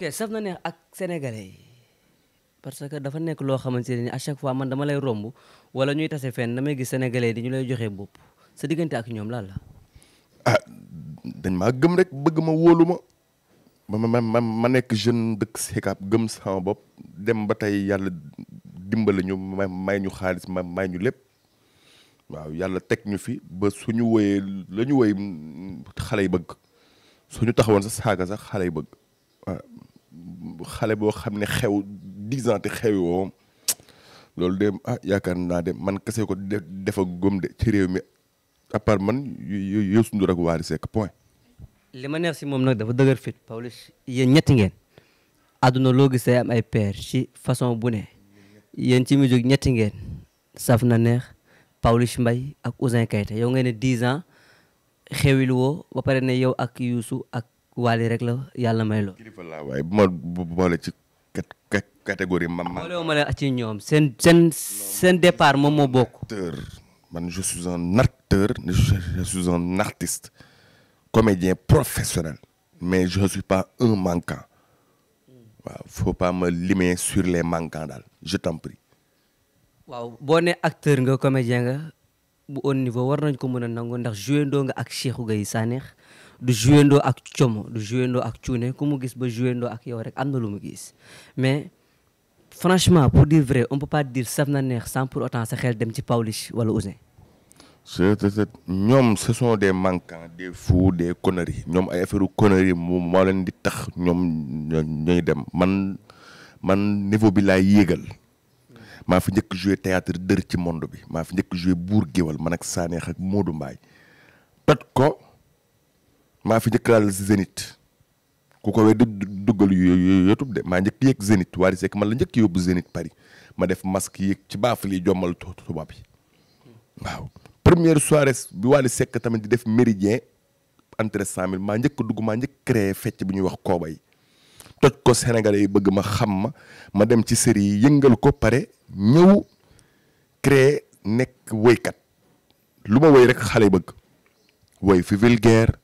ok saf na neex ak sénégalais yi parce que dafa nekk loo xamante ne à chaque fois man dama lay romb wala ñuy tase fen damay gis sénégalais di ñu lay joxee bopp sa diggante ak ñoom lan la. ah dañ maa gëm rek bëgg ma wóoluma ma ma ma ma nekk jeune dëkk Sicap gëm sama bopp dem ba tey yàlla dimbali ñu may ñu xaalis ma may ñu lépp waaw yàlla teg ñu fi ba suñu woyee la ñu woy xale yi bëgg suñu taxawoon sa saaga sax xale yi bëgg xale boo xam ne xew dix ans te xewoo loolu de ah yaakaar naa de man kase ko defa gom de ci réew mi à part man Youssou Ndour ak Wally Seck point. li ma neex si moom nag dafa dëgër fit Pawlish yéen ñetti ngeen. àdduna loo gisee am ay paire ci façon bu ne yéen ci musique ñetti ngeen saf na neex Pawlish Mbaye ak Ouzin Keita yow ngeen ne dix ans ba pare ne yow ak Youssou ak. Wally rek la yàlla may loo. kilifa laa waaye bu ma boole ci catégorie mam ma. ma la ci ñoom seen seen seen départ moom moo bokk. acteur man je suis un acteur je suis un artiste comédien professionnel mais je ne suis pas un manquant waaw faut pas me limer sur les manquants daal je t'en prie. boo nee acteur nga comédien nga bu au niveau war nañ ko mën a nangu ndax joué ndoo nga ak Cheikhou Gaye Sanex du jouendoo ak como du jouendoo ak cuune ku mu gis ba jouendoo ak yow rek am na lu mu gis mais franchement pour dire vrai on peut pas dire saf na neex sans pour autant sa xel dem ci Pawlish wala Ouzin c'est ñoom ce sont des manquants des fous des conneries ñoom ay affaire conneries moom moo leen di tax ñoom ñooy dem man man niveau bi laay yéegal maa fi njëkk joué théâtre dër ci monde bi maa fi njëkk joué buur géwal man ak Saneex ak Modou Mbaye maa fi njëkk laal si Zénith ku ko weddi duggal yu youtube de maa njëkk yéeg Zénith Wally Seck man la njëkk yóbbu Zénith Paris ma def masque yéeg ci baafal yi jommal tubaab yi waaw première soirée bi Wally Seck tamit di def méridien entrée cent mille maa njëkk dugg maa njëkk créé fecc bu ñuy wax kooba yi toj ko Sénégalais yi bëgg ma xam ma ma dem ci série yi yëngal ko pare ñëw créé nekk woykat lu ma woy rek xale bëgg woy fi vulgaire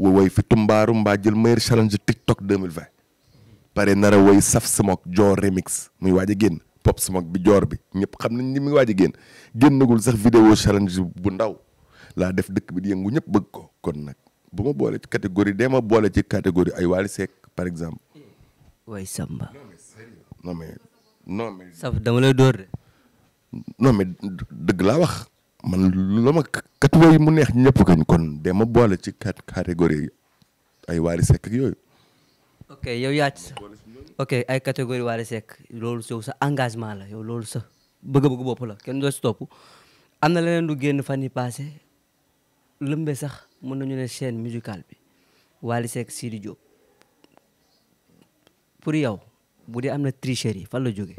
wo woy fi mbaaru mbaa jël meilleur challenge TikTok 2020 pare nar a woy Saf Smok joor remix muy waaj a génn Pop Smok bi joor bi ñëpp xam nañ ni muy waaj a génn génnagul sax vidéo challenge bu ndaw laa def dëkk bi di yëngu ñëpp bëgg ko kon nag bu ma boole ci catégorie dee boole ci catégorie ay Wally Seck par exemple. way Samba. non mais non mais. dama lay door de. dëgg laa wax. man lu ma kat mu neex ñëpp kañ kon de ma boole ci quatre catégories ay Wally Seck ak yooyu. ok yow yaa ci ok ay catégorie Wally Seck loolu yow sa engagement la yow loolu sa bëgg-bëgg bopp la kenn doo si topp am na leneen lu génn fan yi passé lëmbe sax mën nañu ne chaîne musicale bi Wally Seck Sidi Diop pour yow bu dee am na yi fan la jóge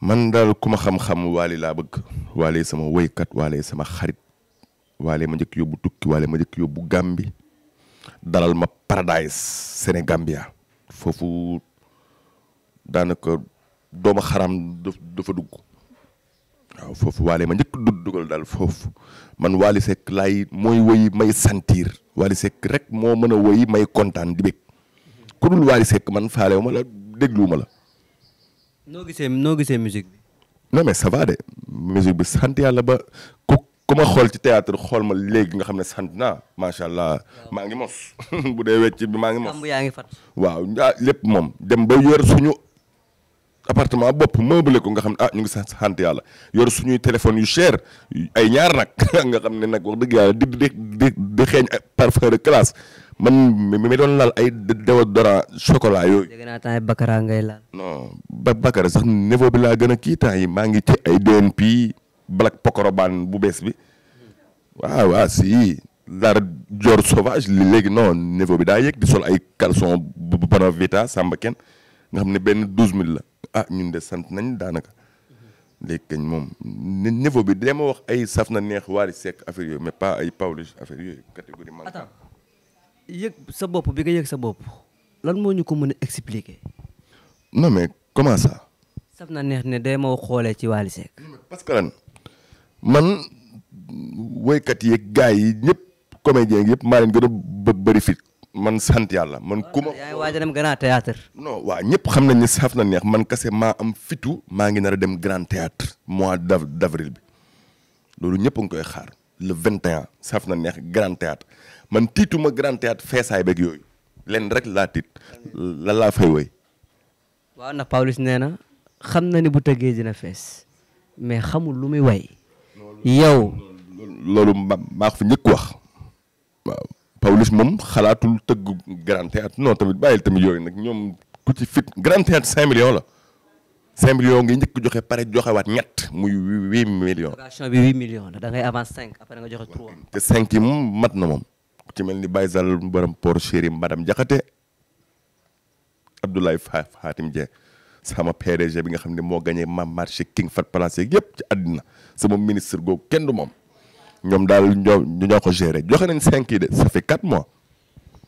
man daal ku ma xam-xam Wally laa bëgg waale sama woykat waale sama xarit waale ma njëkk yóbbu tukki waale ma njëkk yóbbu Gàmbi dalal ma paradise Sénégambia foofu daanaka doomu xaram dafa dugg waaw foofu waale ma njëkk dugg dugal daal foofu man Wally Seck laay mooy woy may santiir Wally Seck rek moo mën a woy may kontaan di bég ku dul Wally Seck man faalewu ma la dégluwu ma la noo gisee noo bi non mais ça va de musique bi sant yàlla ba ku ku ma xool ci théâtre xool ma léegi nga xam ne sant naa macha allah maa ngi mos bu dee wecc bi maa ngi mos. yaa ngi fat waaw ah, lépp moom dem ba yor suñu appartement bopp meublé ko nga xam ne ah ñu ngi sant yàlla yor suñuy téléphone yu cher ay ñaar nag nga xam ne nag wax dëgg yàlla di di di di xeeñ parfum de classe. man mi doon laal ay déodorant chocolat yooyu. dégg naa ngay laal. non ba Bakara sax niveau bi laa gën a kii temps yi maa ngi ci ay DNP Black Pokoroban bu bees bi waaw waaw si dara Dior Sauvage léegi non niveau bi daa yëg di sol ay caleçon bu Bonavita Samba kenn nga xam ne benn douze mille la ah ñun de sant nañ daanaka. léegi kañ moom niveau bi dama wax ay saf na neex waari sekk affaire yooyu mais pas ay Pawlish affaire yooyu catégorie yëg sa bopp bi nga yëg sa bopp lan moo ñu ko mën a expliquer. non mais comment ça. saf na neex ne day ma xoolee ci Wally Seck. que lan man woykat yi gars yi ñëpp comédien yëpp maa leen gën a bëri fit man sant yàlla man. ku ma yaa ngi waaj a dem grand théâtre. non waaw ñëpp xam nañ ne saf na neex man kese maa am fitu maa ngi nar a dem grand théâtre mois d' avril bi loolu ñëpp ngi koy xaar le 21 saf na neex grand théâtre man tiituma grand théâtre feesaay beeg yooyu leen rek laa tiit lan laa fay woy waaw ndax Pawlish nee na xam na ni bu tëggee dina fees mais xamul lu muy way yow loolu maa ko fi njëkk wax waaw Pawlish moom xalaatul tëgg grand théâtre non tamit bàyyil tamit yooyu nag ñoom ku ci fit grand théâtre cinq millions la cinq millions nga njëkk joxe pare joxewaat ñett muy huit millions. location bi cinq après nga joxe trois. te cinq yi moom mat na moom. ku ci mel ni Baye Zal borom Port Chéri madame Diakhaté Abdoulaye Fatim Dieng sama PDG bi nga xam ne moo gañee maam ma marché King Fat Palace yeeg yëpp ci àddina sama ministre googu kenn du moom ñoom daal ñoo ñoo ko géré joxe nañ cinq yi de ça fait quatre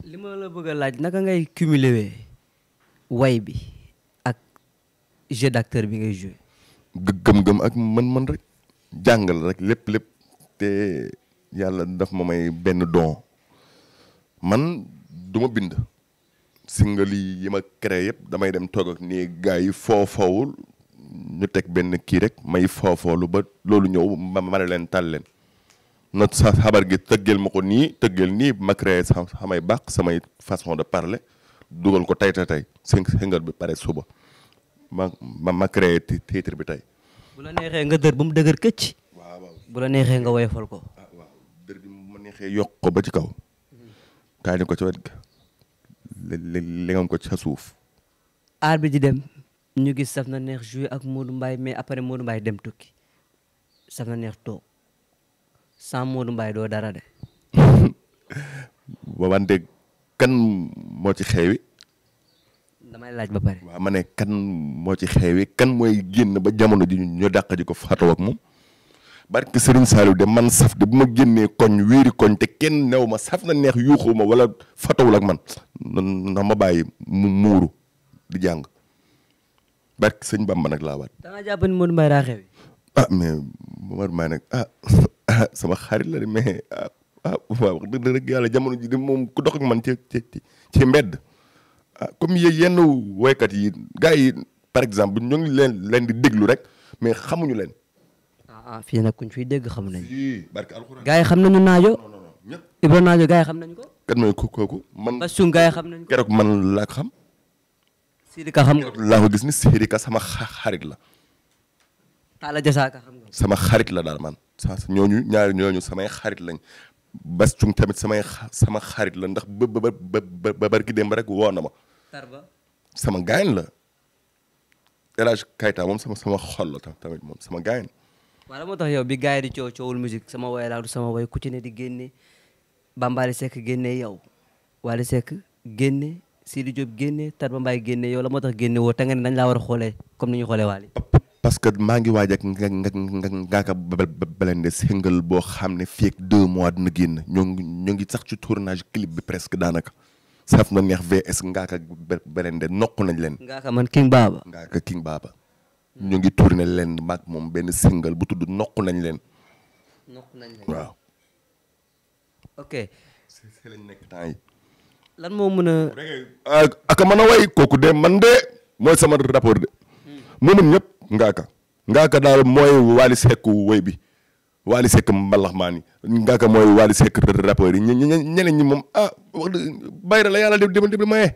li ma la bëgg a laaj naka ngay cumuler wee way bi ak jeu d'acteur bi ngay joué. gëm-gëm ak mën-mën rek jàngal rek lépp lépp te yàlla daf ma may benn don. man du ma bind single yi ma créé yëpp damay dem toog ak nii gars yi foofoowul ñu teg benn kii rek may foofoolu ba loolu ñëw ma ne leen tal leen na sa xabar gi tëggeel ma ko nii tëggeel nii ma créé samay bàq samay façon de parle dugal ko tey tey tey single bi pare suba ma ma ma créé titre bi tey. bu la neexee nga dër ba mu dëgër këcc. waaw waaw bu la neexee nga woyofal ko. Ah, waaw dër bi mu neexee yokk ko ba ci kaw. kaay ni ko ca wet ga li ko ci sa suuf aar bi di dem ñu gis saf na neex joué ak Modou Mbaye mais après Modou Mbaye dem tukki saf na neex toog sans Modou Mbaye doo dara de ba moo ci xeewi damay laaj ba pare waaw ma ne kan moo ci xeewi kan mooy génn ba jamono ji ñu dàq ji ko faatoo ak moom barke Serigne Saliou de man saf de bu ma génnee koñ wéeri koñ te kenn new ma saf na neex yuuxoo ma wala fatawul ak man na ma bàyyi mu muuru di jàng barke sëñ Bamba nag laa waat. da ngaa jàpp ni Modou Mbaye daa ah, ah, ah, sama xarit la de mais ah yàlla jamono ji de moom ku dox man ci ci ci mbedd. comme yenn woykat yi gars yi par exemple ñoo ngi leen leen di déglu rek mais xamuñu leen. ah fii nag kuñ fiy dégg xam nañ barke alxuraan gars yi xam nañu naajo Ibra naajo gars yi xam nañ ko kan mooy kooku man Bassum gars yi nañ ko keroog man laa ko xam Sidika xam nga laa ko ni Sidika sama xarit la Talla Jasaaka sama xarit la daal man sa ñooñu ñaar ñooñu samay xarit lañ Bassum tamit samay sama xarit la ndax ba ba ba barki démb rek woo na sama gaañ la El Hadj Kayta moom sama sama xol la tamit moom sama gaañ waaw moo tax yow bi gars yi di coow coowul musique sama way laa du sama way ku ci di génne Bambaali Seck génne yow Waly Seck génne Sidi Diop génne Tarba Mbaye génne yow la moo tax génne woo te nga ne dañ war a xoolee comme ni ñu xoolee Waly parce que maa ngi waaj ak nga nga nga ngaaka balende single boo xam ne fii mois dina génn ñoo ñoo ngi sax ci tournage clip bi presque daanaka saf na neex vs ngaaka balende nokk nañ leen ngaaka man King Baba ngaaka King Baba ñu ngi tourné leen maag moom benn single bu tudd nokk nañ leen. nokk nañ leen waaw. ok. si lañ nekk temps yi. lan moo mën a. aka man a way kooku de man de mooy sama rapport de. mu hmm. mën ñëpp ngaaka. ngaaka daal mooy Wally Seck woy bi Wally Seck mbalax maa ni ngaaka mooy Wally Seck rapport yi ñeneen ñi moom ah wax dëgg bayra la yàlla dem dem maye.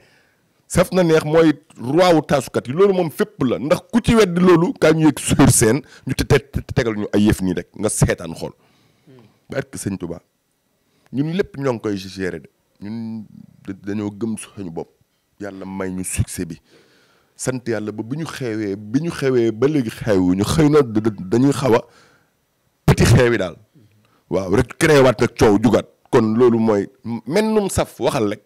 saf na neex mooy roi wu taasukat yi loolu moom fépp la ndax ku ci weddi loolu kaa ñu yëg sur scène ñu te tegal ñu ay yëf nii rek nga seetaan xool. barke sëñ Tuubaa ñun lépp ñoo ngi koy gérer de ñun dañoo gëm suñu bopp yàlla may ñu succès bi sant yàlla ba bi ñu xewee bi ñu xewee ba léegi xewuñu xëy na dañuy xaw a petit yi daal waaw rek créé waat nag coow jugaat kon loolu mooy mennum saf waxal rek.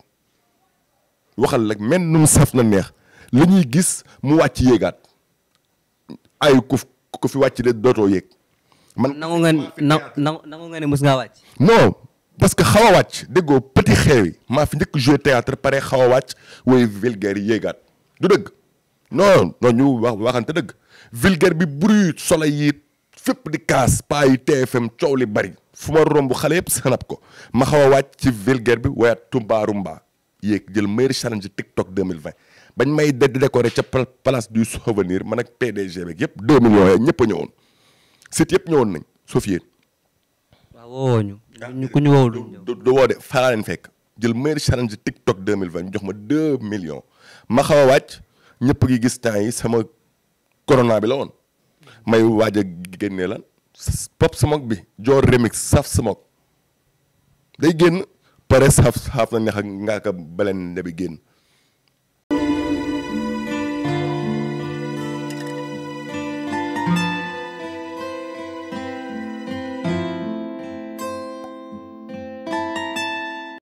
waxal rek men num saf na neex li ñuy gis mu wàcc yéegaat ay ku fi wàcc de dootoo yéeg. man nangu nga nangu nga ne mës ngaa wàcc. non parce que xaw a wàcc déggoo petit xeew yi maa fi njëkk joué théâtre pare xaw a wàcc woy vulgaire yéegaat du dëgg non non ñu wax waxante dëgg vulgaire bi bruit solo yi fépp di kaas paa yi TFM coow li bari fu ma romb xale yëpp sanab ko ma xaw a wàcc ci vulgaire bi woyaat tumbaarumbaa yéeg jël meilleur challenge TikTok 2020 bañ may dedd décoré ca place du souvenir man ak PDG beeg yëpp 2 millions yooyu ñëpp a ñëwoon sit yëpp ñëwoon nañ sauf yéen. waaw woowoo ñu. ñu ku ñu woowu du ñu de faa leen fekk jël meilleur challenge jox ma 2 millions ma xaw a wàcc ñëpp gi gis temps yi sama corona bi la woon may waaj a génnee lan pop smoke bi joor remix saf smoke day génn. Perez xaf xaaf na ak ngaa ka balen da bi génn